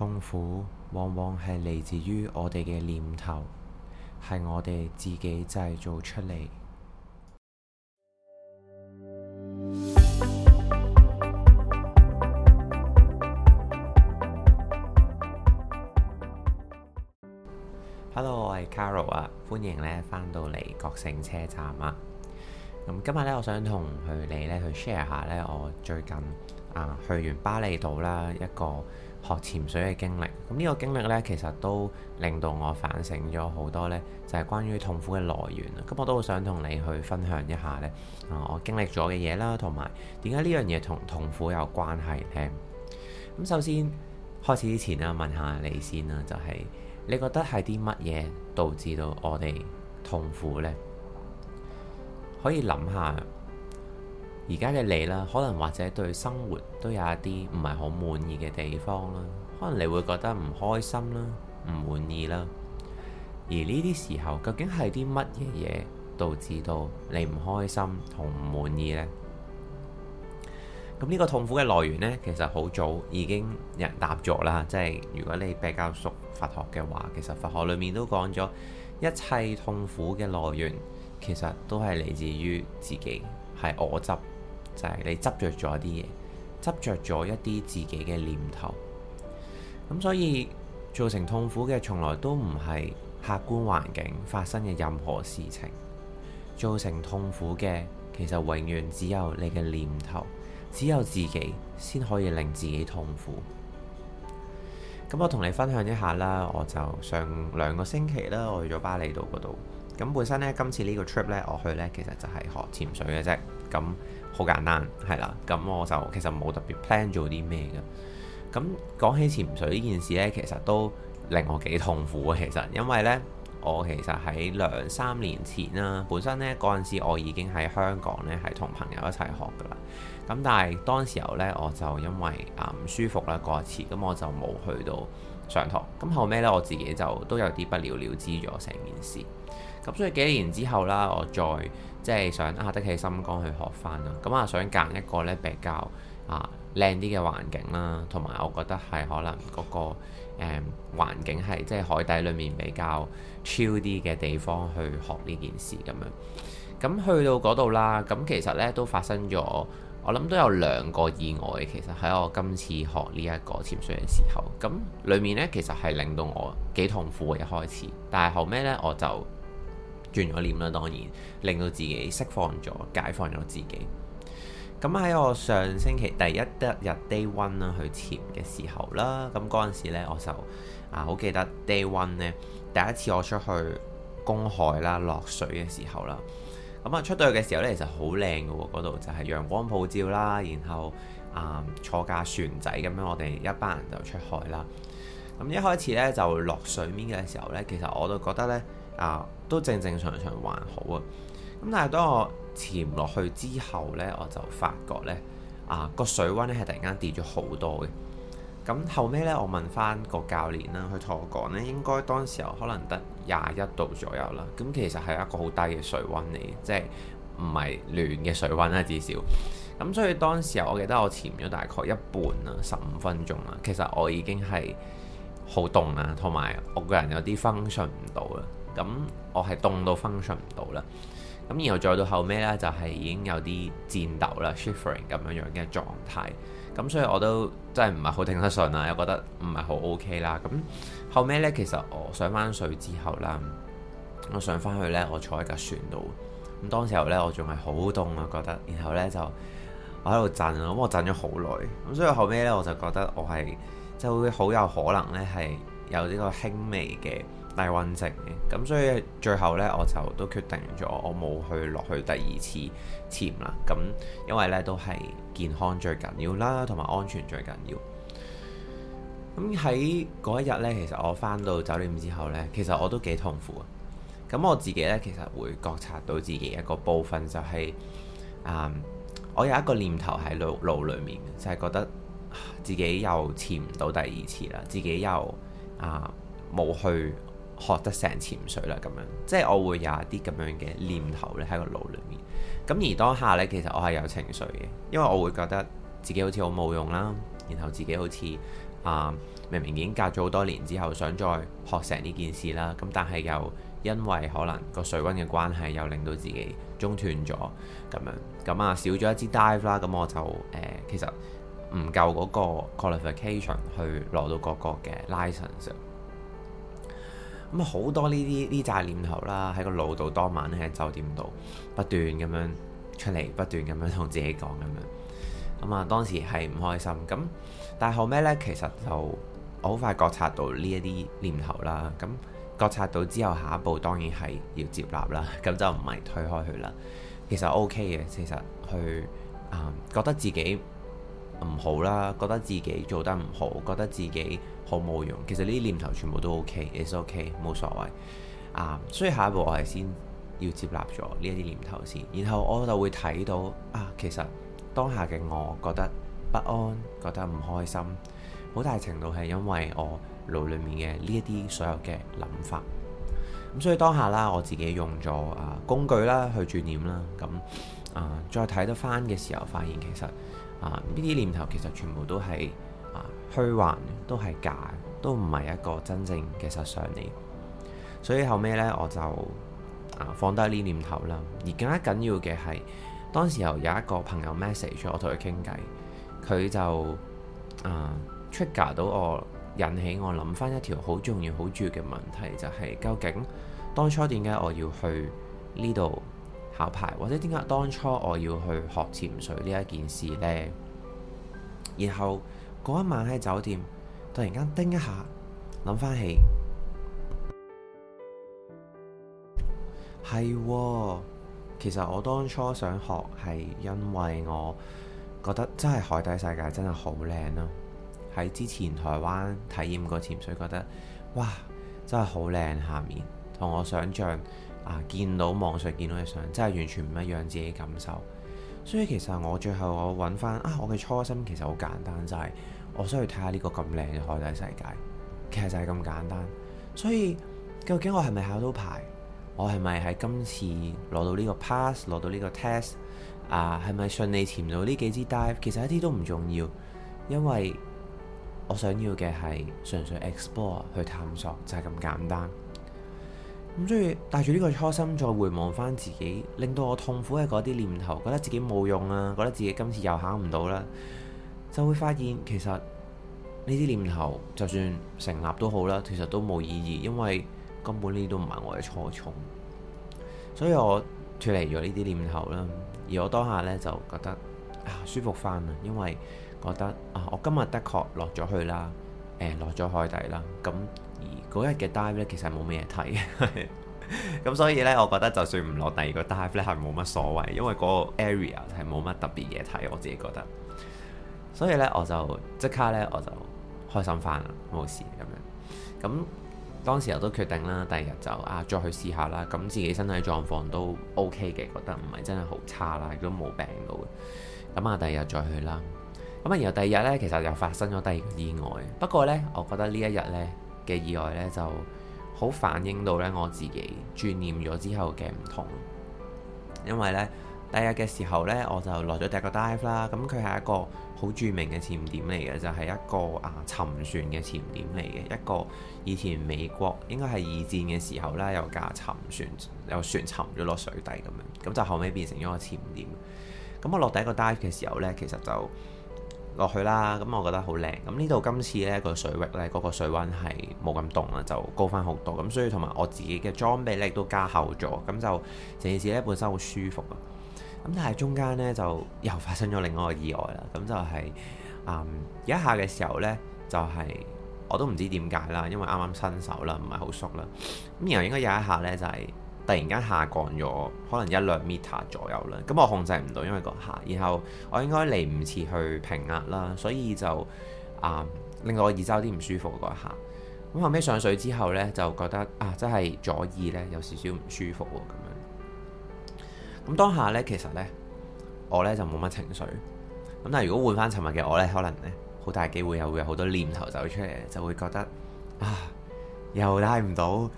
痛苦往往係嚟自於我哋嘅念頭，係我哋自己製造出嚟。 Hello，我係 Kyro 啊，歡迎咧返到嚟覺醒車站啊。咁今日咧，我想同佢哋咧去 share 下咧，我最近啊去完巴厘島啦一個，學潛水嘅經歷，咁呢個經歷呢，其實都令到我反省咗好多呢，就係關於痛苦嘅來源啊。咁我都好想同你去分享一下呢、呃、我經歷咗嘅嘢啦，同埋點解呢樣嘢同痛苦有關係咧。咁首先開始之前啊，問下你先啦，就係你覺得係啲乜嘢導致到我哋痛苦呢？可以諗下。而家嘅你啦，可能或者對生活都有一啲唔係好滿意嘅地方啦，可能你會覺得唔開心啦、唔滿意啦。而呢啲時候究竟係啲乜嘢嘢導致到你唔開心同唔滿意呢？咁呢個痛苦嘅來源呢，其實好早已經有人答咗啦，即係如果你比較熟佛學嘅話，其實佛學裏面都講咗，一切痛苦嘅來源其實都係嚟自於自己，係我執。就係你執着咗啲嘢，執着咗一啲自己嘅念頭，咁所以，造成痛苦嘅從來都唔係客觀環境發生嘅任何事情。造成痛苦嘅，其實永遠只有你嘅念頭，只有自己先可以令自己痛苦。咁我同你分享一下啦，我就上兩個星期啦，我去咗巴厘島嗰度。咁本身呢，今次呢個 trip 呢，我去呢其實就係學潛水嘅啫。咁好簡單，係啦，咁我就其實冇特別 plan 做啲咩嘅。咁講起潛水呢件事呢，其實都令我幾痛苦嘅。其實，因為呢，我其實喺兩三年前啦，本身呢嗰陣時我已經喺香港呢，係同朋友一齊學嘅啦。咁但係當時候呢，我就因為啊唔、呃、舒服啦過一次，咁我就冇去到上堂。咁後尾呢，我自己就都有啲不了了之咗成件事。咁所以幾年之後啦，我再即係想下得起心肝去學翻啦。咁啊，想揀一個咧比較啊靚啲嘅環境啦，同埋我覺得係可能嗰、那個誒、嗯、環境係即係海底裏面比較 chill 啲嘅地方去學呢件事咁樣。咁去到嗰度啦，咁其實咧都發生咗，我諗都有兩個意外。其實喺我今次學呢一個潛水嘅時候，咁裡面咧其實係令到我幾痛苦嘅一開始，但係後尾咧我就。轉咗念啦，當然令到自己釋放咗、解放咗自己。咁喺我上星期第一一日 day one 啦去潛嘅時候啦，咁嗰陣時呢我就啊好記得 day one 呢第一次我出去公海啦落水嘅時候啦。咁啊出到去嘅時候呢，其實好靚㗎喎，嗰度就係、是、陽光普照啦，然後啊、嗯、坐架船仔咁樣，我哋一班人就出海啦。咁一開始呢，就落水面嘅時候呢，其實我都覺得呢。啊，都正正常常還好啊。咁但係當我潛落去之後呢，我就發覺呢啊個水溫咧係突然間跌咗好多嘅。咁後尾呢，我問翻個教練啦，佢同我講呢應該當時候可能得廿一度左右啦。咁其實係一個好低嘅水溫嚟，即係唔係暖嘅水溫啦，至少。咁所以當時候我記得我潛咗大概一半啊，十五分鐘啦，其實我已經係好凍啊，同埋我個人有啲分 u 唔到啦。咁我係凍到 function 唔到啦，咁然後再到後尾呢，就係、是、已經有啲戰抖啦，shivering 咁樣樣嘅狀態，咁所以我都真係唔係好頂得順啦，又覺得唔係好 OK 啦。咁後尾呢，其實我上翻水之後啦，我上翻去呢，我坐喺架船度，咁當時候呢，我仲係好凍啊覺得，然後呢，就我喺度震啊，咁我震咗好耐，咁所以後尾呢，我就覺得我係即係會好有可能呢，係有呢個輕微嘅。低溫症嘅，咁所以最後呢，我就都決定咗，我冇去落去第二次潛啦。咁因為呢，都係健康最緊要啦，同埋安全最緊要。咁喺嗰一日呢，其實我翻到酒店之後呢，其實我都幾痛苦啊。咁我自己呢，其實會覺察到自己一個部分就係、是，嗯，我有一個念頭喺腦腦裡面就係、是、覺得自己又潛唔到第二次啦，自己又啊冇、嗯、去。學得成潛水啦，咁樣即係我會有一啲咁樣嘅念頭咧喺個腦裏面。咁而當下呢，其實我係有情緒嘅，因為我會覺得自己好似好冇用啦，然後自己好似啊、呃、明明已經隔咗好多年之後想再學成呢件事啦，咁但係又因為可能個水溫嘅關係，又令到自己中斷咗咁樣，咁啊少咗一支 dive 啦，咁我就誒、呃、其實唔夠嗰個 qualification 去攞到各個嘅 license。咁好多呢啲呢扎念頭啦，喺個路度，當晚喺酒店度不斷咁樣出嚟，不斷咁樣同自己講咁樣。咁啊，當時係唔開心咁，但係後尾呢，其實就我好快覺察到呢一啲念頭啦。咁覺察到之後，下一步當然係要接納啦。咁就唔係推開佢啦。其實 O K 嘅，其實去啊、嗯，覺得自己。唔好啦，覺得自己做得唔好，覺得自己好冇用。其實呢啲念頭全部都 OK，It's OK，冇所謂啊。所以下一步我係先要接納咗呢一啲念頭先，然後我就會睇到啊，其實當下嘅我覺得不安，覺得唔開心，好大程度係因為我腦裡面嘅呢一啲所有嘅諗法。咁啊，所以當下啦，我自己用咗啊工具啦去轉念啦，咁啊再睇得翻嘅時候，發現其實。啊！呢啲念頭其實全部都係啊虛幻，都係假，都唔係一個真正嘅實相嚟。所以後尾呢，我就啊放低呢念頭啦。而更加緊要嘅係，當時候有一個朋友 message 我同佢傾偈，佢就啊 trigger 到我，引起我諗翻一條好重要、好重要嘅問題，就係、是、究竟當初點解我要去呢度？或者點解當初我要去學潛水呢一件事呢？然後嗰一晚喺酒店突然間叮一下，諗翻起係、 哦，其實我當初想學係因為我覺得真係海底世界真係好靚咯。喺之前台灣體驗過潛水，覺得哇真係好靚，下面同我想象。啊！見到網上見到嘅相，真係完全唔一樣自己感受。所以其實我最後我揾翻啊，我嘅初心其實好簡單，就係我想去睇下呢個咁靚嘅海底世界。其實就係咁簡單。所以究竟我係咪考到牌？我係咪喺今次攞到呢個 pass？攞到呢個 test？啊，係咪順利潛到呢幾支 dive？其實一啲都唔重要，因為我想要嘅係純粹 explore 去探索，就係咁簡單。咁所以帶住呢個初心再回望翻自己，令到我痛苦嘅嗰啲念頭，覺得自己冇用啊，覺得自己今次又考唔到啦，就會發現其實呢啲念頭就算成立都好啦，其實都冇意義，因為根本呢啲都唔係我嘅初衷，所以我脫離咗呢啲念頭啦，而我當下呢，就覺得啊舒服翻啦，因為覺得啊我今日的確落咗去啦，誒落咗海底啦，咁。嗰日嘅 dive 咧，其實冇咩嘢睇，咁所以呢，我覺得就算唔落第二個 dive 呢，係冇乜所謂，因為嗰個 area 係冇乜特別嘢睇。我自己覺得，所以呢，我就即刻呢，我就開心翻啦，冇事咁樣。咁當時我都決定啦，第二日就啊再去試下啦。咁自己身體狀況都 OK 嘅，覺得唔係真係好差啦，如果冇病到。咁啊，第二日再去啦。咁啊，然後第二日呢，其實又發生咗第二個意外。不過呢，我覺得呢一日呢嘅意外咧，就好反映到咧，我自己轉念咗之後嘅唔同，因為咧，第二日嘅時候咧，我就落咗第一個 dive 啦。咁佢係一個好著名嘅潛點嚟嘅，就係一個啊沉船嘅潛點嚟嘅。一個以前美國應該係二戰嘅時候咧，有架沉船有船沉咗落水底咁樣，咁就後尾變成咗個潛點。咁我落第一個 dive 嘅時候咧，其實就～落去啦，咁、嗯、我覺得好靚。咁呢度今次呢個水域呢，嗰個水溫係冇咁凍啦，就高返好多。咁所以同埋我自己嘅裝備呢，亦都加厚咗，咁就成件事呢，本身好舒服啊。咁但係中間呢，就又發生咗另外一個意外啦。咁就係、是、嗯一下嘅時候呢，就係、是、我都唔知點解啦，因為啱啱新手啦，唔係好熟啦。咁然後應該有一下呢，就係、是。突然間下降咗，可能一兩 meter 左右啦。咁我控制唔到，因為個下，然後我應該嚟唔切去平壓啦，所以就啊、呃、令到我耳周有啲唔舒服嗰下。咁後尾上水之後呢，就覺得啊真係左耳呢有少少唔舒服喎咁樣。咁當下呢，其實呢，我呢就冇乜情緒。咁但係如果換翻尋日嘅我呢，可能呢，好大機會又會有好多念頭走出嚟，就會覺得啊。又拉唔到，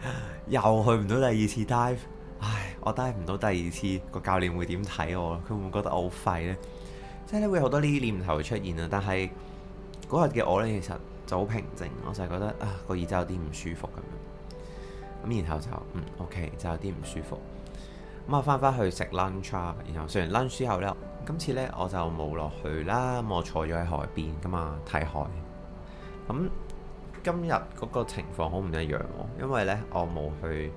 又去唔到第二次 div。唉，我戴唔到第二次，個教練會點睇我？佢會唔會覺得我好廢呢？即係咧會好多呢啲念頭會出現啊！但係嗰日嘅我呢，其實就好平靜，我就係覺得啊個耳仔有啲唔舒服咁樣。咁然後就嗯，OK，就有啲唔舒服。咁我翻翻去食 lunch 然後食完 lunch 之後呢，今次呢我就冇落去啦，我坐咗喺海邊噶啊，睇海。咁、嗯。今日嗰個情況好唔一樣喎，因為呢，我冇去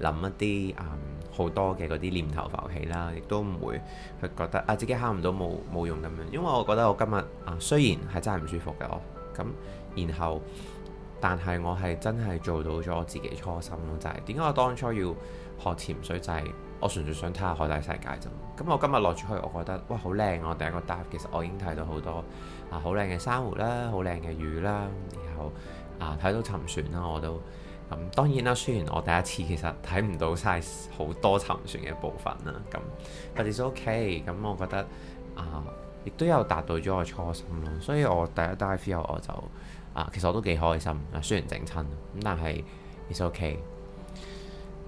諗一啲嗯好多嘅嗰啲念頭浮起啦，亦都唔會去覺得啊自己考唔到冇冇用咁樣，因為我覺得我今日啊雖然係真係唔舒服嘅哦，咁然後但係我係真係做到咗自己初心咯，就係點解我當初要學潛水，就係我純粹想睇下海底世界啫，咁我今日落出去我覺得哇好靚啊，第一個 dive 其實我已經睇到好多。好靚嘅珊瑚啦，好靚嘅魚啦，然後啊睇到沉船啦，我都咁、嗯、當然啦。雖然我第一次其實睇唔到晒好多沉船嘅部分啦，咁、嗯、但係都 OK、嗯。咁我覺得啊，亦都有達到咗我初心咯。所以我第一 day feel 我就啊，其實我都幾開心啊。雖然整親咁，但係其實 OK。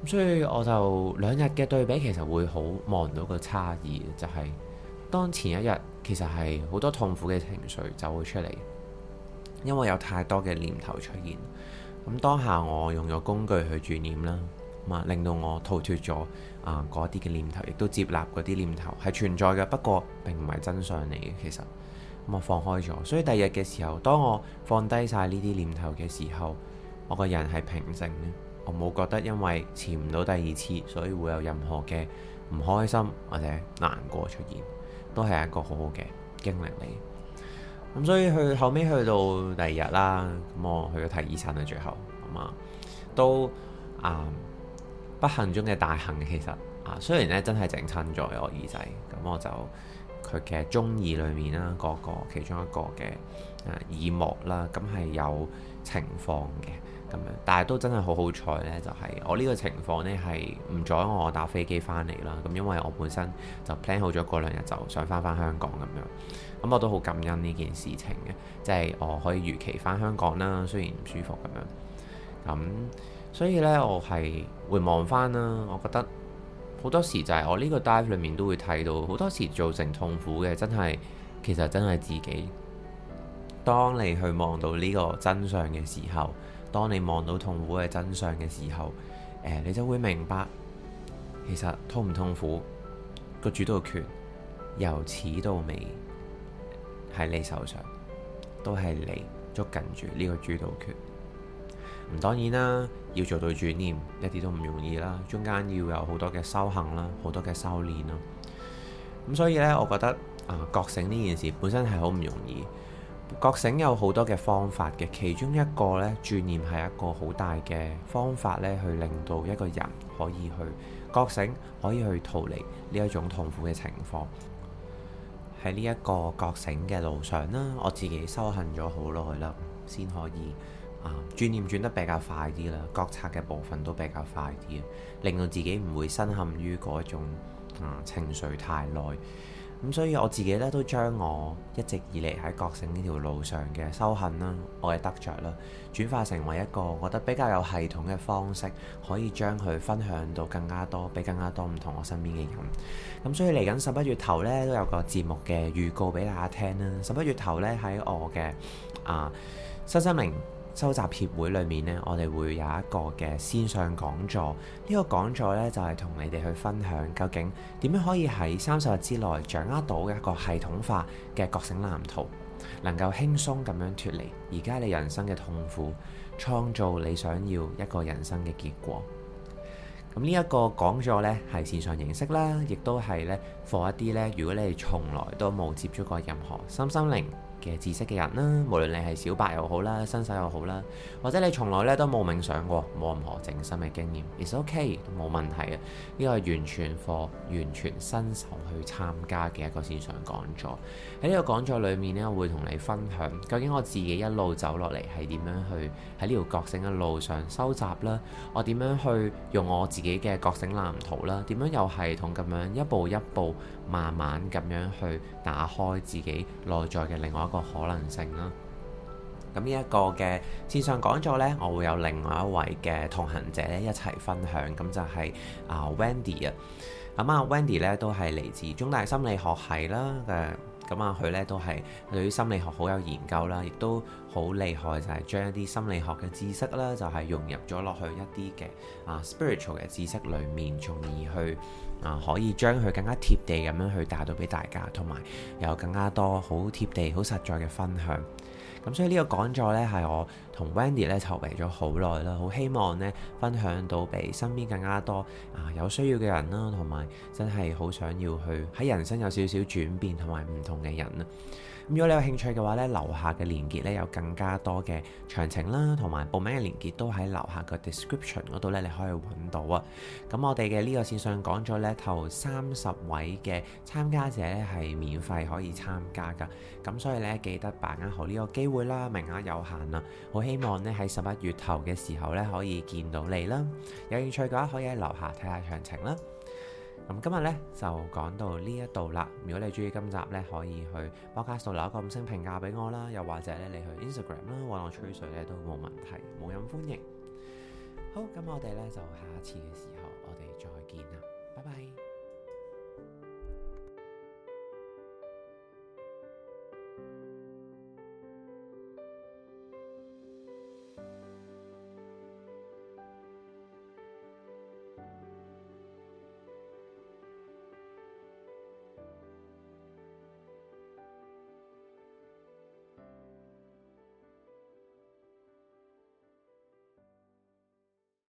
咁所以我就兩日嘅對比其實會好望到個差異，就係、是、當前一日。其實係好多痛苦嘅情緒就會出嚟，因為有太多嘅念頭出現。咁、嗯、當下我用咗工具去轉念啦，啊、嗯、令到我逃脫咗啊嗰啲嘅念頭，亦都接納嗰啲念頭係存在嘅，不過並唔係真相嚟嘅。其實咁、嗯、我放開咗，所以第二日嘅時候，當我放低晒呢啲念頭嘅時候，我個人係平靜嘅，我冇覺得因為潛唔到第二次，所以會有任何嘅唔開心或者難過出現。都係一個好好嘅經歷嚟，咁所以去後尾去到第二日啦，咁我去咗睇醫生啦，最後都啊都啊不幸中嘅大幸，其實啊雖然咧真係整親咗我耳仔，咁我就。佢嘅中耳裏面啦，嗰、那個其中一個嘅耳膜啦，咁係有情況嘅咁樣，但係都真係好好彩呢，就係、是、我呢個情況呢，係唔阻我搭飛機翻嚟啦。咁因為我本身就 plan 好咗過兩日就想翻翻香港咁樣，咁我都好感恩呢件事情嘅，即係我可以如期翻香港啦，雖然唔舒服咁樣。咁所以呢，我係回望翻啦，我覺得。好多時就係我呢個 dive 裏面都會睇到，好多時造成痛苦嘅真係，其實真係自己。當你去望到呢個真相嘅時候，當你望到痛苦嘅真相嘅時候，呃，你就會明白，其實痛唔痛苦，個主導權由始到尾喺你手上，都係你捉緊住呢個主導權。唔當然啦，要做到轉念一啲都唔容易啦，中間要有好多嘅修行啦，好多嘅修練啦。咁所以呢，我覺得啊、呃，覺醒呢件事本身係好唔容易。覺醒有好多嘅方法嘅，其中一個呢，轉念係一個好大嘅方法呢，去令到一個人可以去覺醒，可以去逃離呢一種痛苦嘅情況。喺呢一個覺醒嘅路上啦，我自己修行咗好耐啦，先可以。啊，轉念轉得比較快啲啦，覺察嘅部分都比較快啲，令到自己唔會身陷於嗰種、嗯、情緒太耐。咁、嗯、所以我自己咧都將我一直以嚟喺覺醒呢條路上嘅修行啦、我嘅得着啦，轉化成為一個我覺得比較有系統嘅方式，可以將佢分享到更加多，俾更加多唔同我身邊嘅人。咁、嗯、所以嚟緊十一月頭呢，都有個節目嘅預告俾大家聽啦。十一月頭呢，喺我嘅啊新身心靈。收集協會裏面呢，我哋會有一個嘅線上講座。呢個講座呢，就係同你哋去分享究竟點樣可以喺三十日之內掌握到一個系統化嘅覺醒藍圖，能夠輕鬆咁樣脫離而家你人生嘅痛苦，創造你想要一個人生嘅結果。咁呢一個講座呢，係線上形式啦，亦都係呢放一啲呢：如果你係從來都冇接觸過任何心心靈。嘅知識嘅人啦，無論你係小白又好啦，新手又好啦，或者你從來咧都冇冥想過，冇任何靜心嘅經驗，亦是 OK，冇問題啊！呢個係完全課，完全新手去參加嘅一個線上講座。喺呢個講座裏面呢，我會同你分享究竟我自己一路走落嚟係點樣去喺呢條覺醒嘅路上收集啦，我點樣去用我自己嘅覺醒藍圖啦，點樣又系統咁樣一步一步慢慢咁樣去打開自己內在嘅另外一個可能性啦，咁呢一個嘅線上講座呢，我會有另外一位嘅同行者一齊分享，咁就係啊 Wendy 啊，咁啊 Wendy 呢，都係嚟自中大心理學系啦嘅。咁啊，佢咧、嗯、都係對於心理學好有研究啦，亦都好厲害，就係、是、將一啲心理學嘅知識啦，就係、是、融入咗落去一啲嘅啊 spiritual 嘅知識裏面，從而去啊可以將佢更加貼地咁樣去帶到俾大家，同埋有，有更加多好貼地、好實在嘅分享。咁所以呢個講座呢，係我同 Wendy 咧籌備咗好耐啦，好希望呢分享到俾身邊更加多啊有需要嘅人啦，同埋真係好想要去喺人生有少少轉變同埋唔同嘅人啊！如果你有興趣嘅話咧，樓下嘅連結咧有更加多嘅詳情啦，同埋報名嘅連結都喺樓下個 description 嗰度咧，你可以揾到啊。咁我哋嘅呢個線上講座咧，頭三十位嘅參加者咧係免費可以參加噶。咁所以咧，記得把握好呢個機會啦，名額有限啊，好希望咧喺十一月頭嘅時候咧可以見到你啦。有興趣嘅話，可以喺樓下睇下詳情啦。咁、嗯、今日呢，就講到呢一度啦。如果你中意今集呢，可以去 Podcast 度留一個五星評價俾我啦。又或者呢，你去 Instagram 啦，揾我吹水呢都冇問題，冇人歡迎。好，咁我哋呢，就下次嘅時候，我哋再見啦，拜拜。